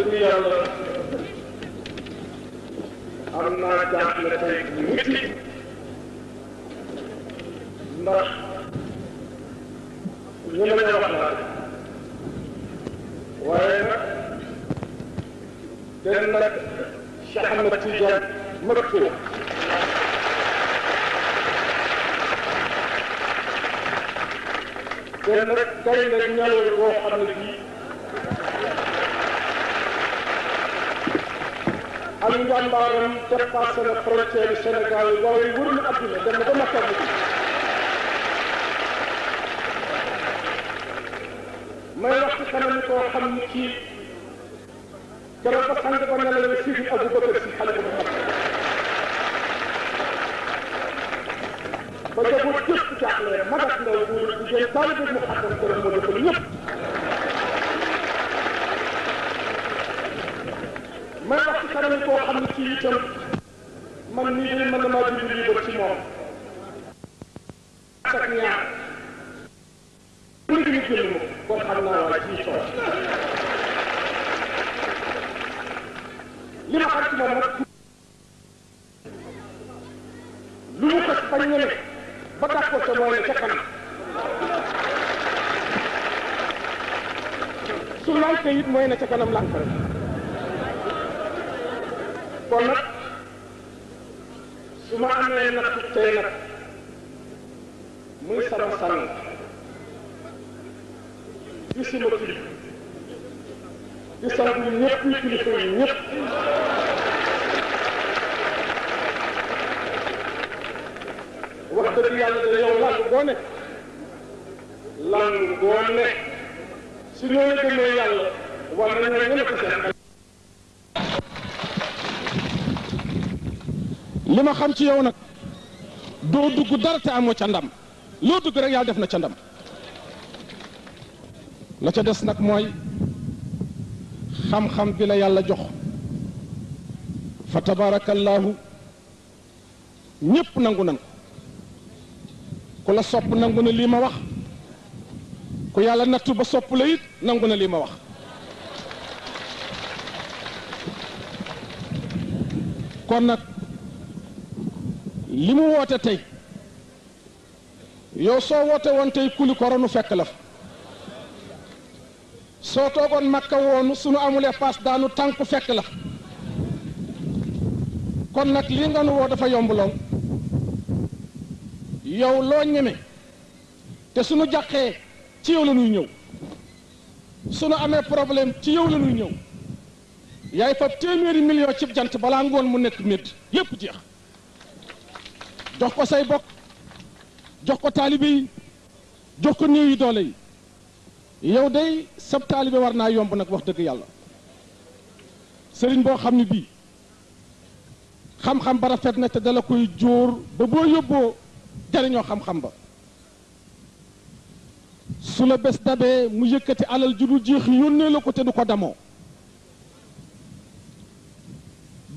سمي الله أما دعوتك مثلي ndax ñu mën a wax daal waaye nag den nag Cheikh Ahmed Tidiane mënatu den nag kay nag ñaawal boo xam ne bii ak njàmbaaram dépassé na frontière yu Sénégal waaye wër na adduna dem na ba Makka may wax ci kanam koo xam ni ci keroog ba sànq ba nelawee si fi Abu Bakar si xale bu mag ba jaboot yëpp jaaxle magat ndaw bu jigéen mu xatam ñëpp keneen koo xam ne kii itam man nii day mën na maa dund li ma xam ci moom nag lu mu ko bañ ñeme ba tax ko ca mooy ca kanam su lànkee it mooy na ca kanam lànk kon nag su ma amee nag tey nag muy sama sàng di suma kili di ñu kilifa yi ñëpp yàlla de yow làng boo ne làng boo ne su ñoo la gëmee yàlla war nañoo gën a ko seen li ma xam ci yow nag doo dugg dara te amoo ca ndam loo dugg rek yàlla def na ca ndam la ca des nag mooy xam-xam bi la yàlla jox fa tabaarakallaahu ñépp nangu nan ku la sopp nangu na lii ma wax ku yàlla nattu ba sopp la nangu na lii ma wax kon nag li mu woote tey yow soo woote woon tey kuli koronu fekk la soo toogoon makka woonu sunu amulee paas daanu tànku fekk la kon nag lii nga nu woo dafa yomb yow loo ñeme te sunu jàqee ci yow la ñuy ñëw sunu amee problème ci yow la ñuy ñëw yaay fab téeméeri million cib jant balaa ngoon mu nekk médd yépp jeex jox ko say bokk jox ko taalibe yi jox ko néew yi doole yi yow day sab taalibe war naa yomb nag wax dëgg yàlla sëriñ boo xam ne bii xam-xam ba rafet na te dala koy jóor ba boo yóbboo jariñoo xam-xam ba su la bés dabee mu yëkkati alal ju du jeex yónnee la ko te du ko damoo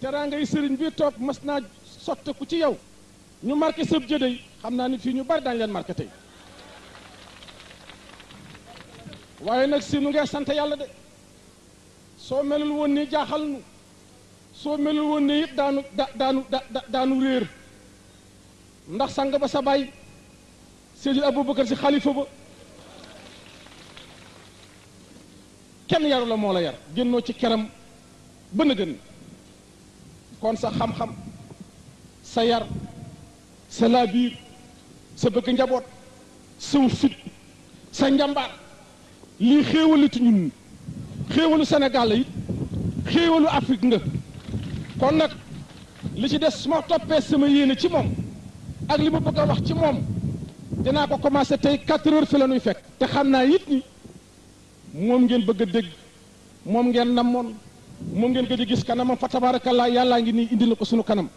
teraangay sëriñ bi toog mës naa sotteku ci yow ñu marqué sëb jëdey xam naa ni fii ñu bari daañu leen marqué tey waaye nag si nu ngay sant yàlla de soo melul woon nii jaaxal nu soo melul woon nii it daanu da daanu da daanu réer ndax sang ba sa baay Seydil Aboubacar si xalifa ba kenn yaru la moo la yar génnoo ci keram ba na gën kon sa xam-xam sa yar sa laabiir sa bëgg njaboot saw fit sa njambaar lii xéewalati ñun xéewalu Sénégal la it xéewalu nga kon nag li ci des su ma toppee sama yéene ci moom ak li ma bëgg a wax ci moom dinaa ko commencé tey 4 heures fi la ñuy fekk te xam naa it ni moom ngeen bëgg a dégg moom ngeen namoon mom ngeen ko di gis kanam fa tabarakallah yalla ngi ni indi na ko sunu kanam